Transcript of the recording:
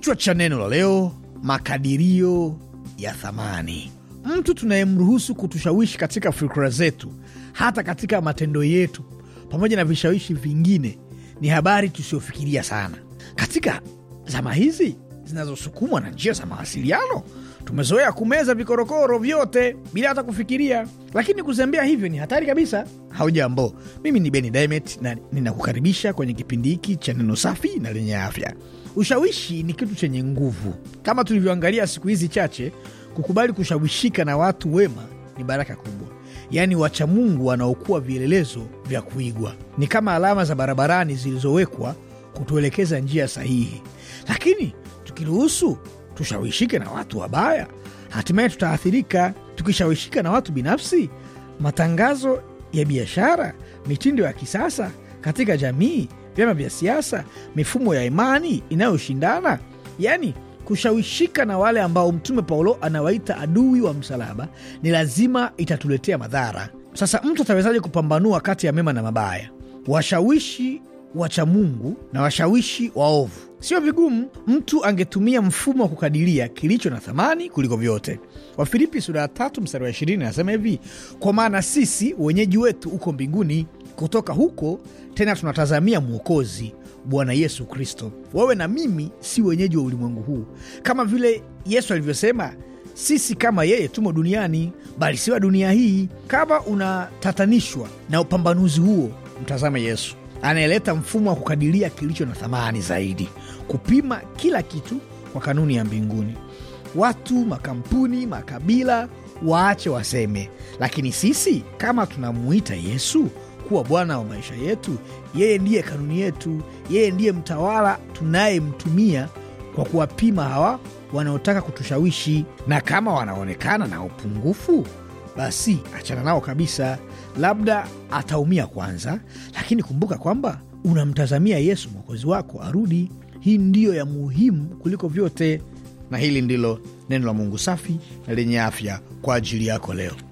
Kichwa cha neno la leo: makadirio ya thamani. Mtu tunayemruhusu kutushawishi katika fikra zetu, hata katika matendo yetu, pamoja na vishawishi vingine, ni habari tusiofikiria sana katika zama hizi zinazosukumwa na njia za mawasiliano. Tumezoea kumeza vikorokoro vyote bila hata kufikiria, lakini kuzembea hivyo ni hatari kabisa. Haujambo, mimi ni Beni Dimet na ninakukaribisha kwenye kipindi hiki cha neno safi na lenye afya. Ushawishi ni kitu chenye nguvu, kama tulivyoangalia siku hizi chache. Kukubali kushawishika na watu wema ni baraka kubwa, yaani wachamungu wanaokuwa vielelezo vya kuigwa ni kama alama za barabarani zilizowekwa kutuelekeza njia sahihi, lakini tukiruhusu tushawishike na watu wabaya, hatimaye tutaathirika. Tukishawishika na watu binafsi, matangazo ya biashara, mitindo ya kisasa katika jamii, vyama vya siasa, mifumo ya imani inayoshindana, yani kushawishika na wale ambao Mtume Paulo anawaita adui wa msalaba, ni lazima itatuletea madhara. Sasa mtu atawezaje kupambanua kati ya mema na mabaya? Washawishi wachamungu na washawishi waovu. Sio vigumu mtu angetumia mfumo wa kukadiria kilicho na thamani kuliko vyote. Wafilipi sura ya tatu mstari wa ishirini anasema hivi: kwa maana sisi wenyeji wetu uko mbinguni, kutoka huko tena tunatazamia Mwokozi, Bwana Yesu Kristo. Wewe na mimi si wenyeji wa ulimwengu huu, kama vile Yesu alivyosema sisi kama yeye tumo duniani, bali si wa dunia hii. Kama unatatanishwa na upambanuzi huo, mtazame Yesu anayeleta mfumo wa kukadiria kilicho na thamani zaidi, kupima kila kitu kwa kanuni ya mbinguni. Watu, makampuni, makabila waache waseme, lakini sisi kama tunamuita Yesu kuwa Bwana wa maisha yetu, yeye ndiye kanuni yetu, yeye ndiye mtawala tunayemtumia kwa kuwapima hawa wanaotaka kutushawishi, na kama wanaonekana na upungufu basi achana nao kabisa. Labda ataumia kwanza, lakini kumbuka kwamba unamtazamia Yesu mwokozi wako arudi. Hii ndiyo ya muhimu kuliko vyote, na hili ndilo neno la Mungu safi na lenye afya kwa ajili yako leo.